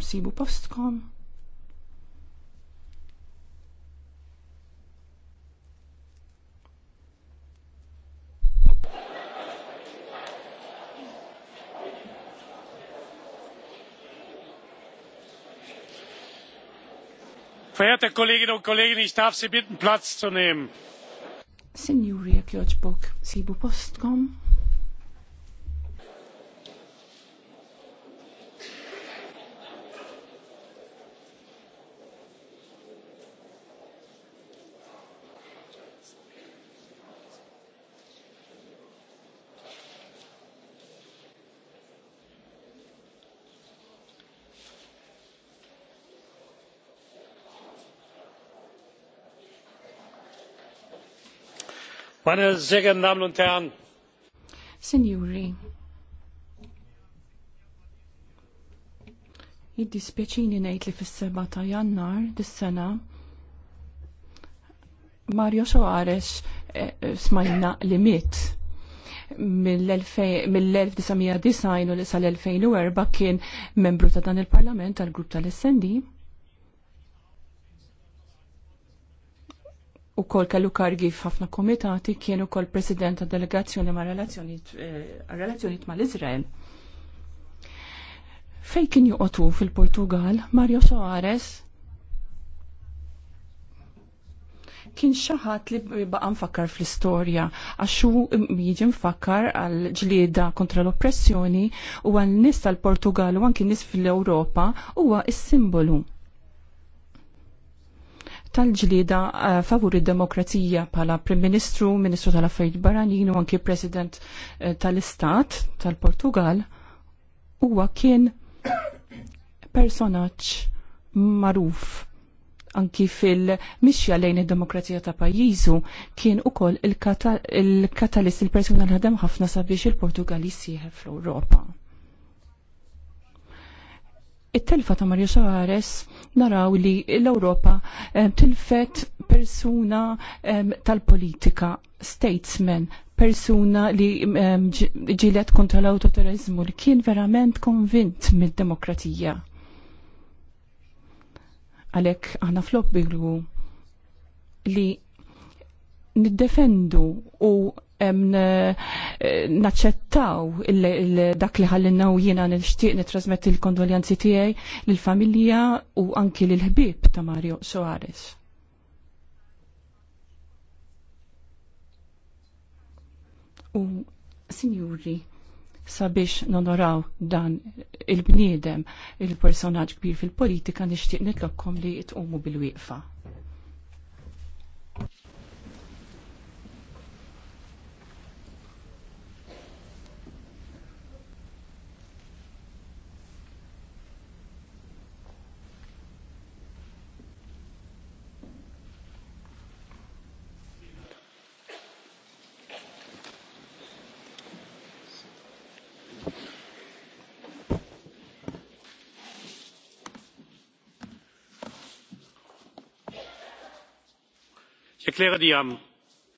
sibu postkom. Verehrte Kolleginnen und Kollegen, ich darf Sie bitten, Platz zu nehmen. Signori, jekk sibu postkom. Signori, id geehrten nejt ngħid li fis-7 ta' Jannar dis-sena Mario Soares eh, eh, smajna li mit mill-1990 u sal-2004 kien membru ta' dan il-Parlament tal-Grupp tal snd u kol kellu kargi f'ħafna komitati kien ukoll president ta' delegazzjoni ma' relazzjoniet eh, ma' l-Izrael. Fej kien juqotu fil-Portugal, Mario Soares kien xaħat li baqa nfakkar fl-istorja għaxu jiġi nfakkar għal ġlieda kontra l-oppressjoni u għal nis tal-Portugal u għanki nis fil-Europa huwa is-simbolu tal-ġlida eh, favur id-demokrazija pala Prim Ministru, Ministru tal-Affarijiet Barranin u anki President eh, tal-Istat tal-Portugal huwa kien personaġġ maruf anki fil-mixja lejn id-demokrazija ta' pajjiżu kien ukoll il-katalist il-persuna ħadem ħafna sabiex il-Portugal jisieħ fl-Ewropa it-telfa ta' Mario Soares naraw li l-Europa eh, tilfet persuna eh, tal-politika, statesman, persuna li eh, ġilet kontra l-autoterizmu li kien verament konvint mid-demokratija. Għalek għana flok li niddefendu u Eh, naċċettaw dak li ħallinna u jiena nixtieq nitrasmetti l-kondoljanzi tiegħi lill-familja u anki lill-ħbieb ta' Mario Soares. U sinjuri, sabiex nonoraw dan il-bniedem, il personaġġ kbir fil-politika, nixtieq nitlobkom li tqumu bil-wieqfa. erkläre die am.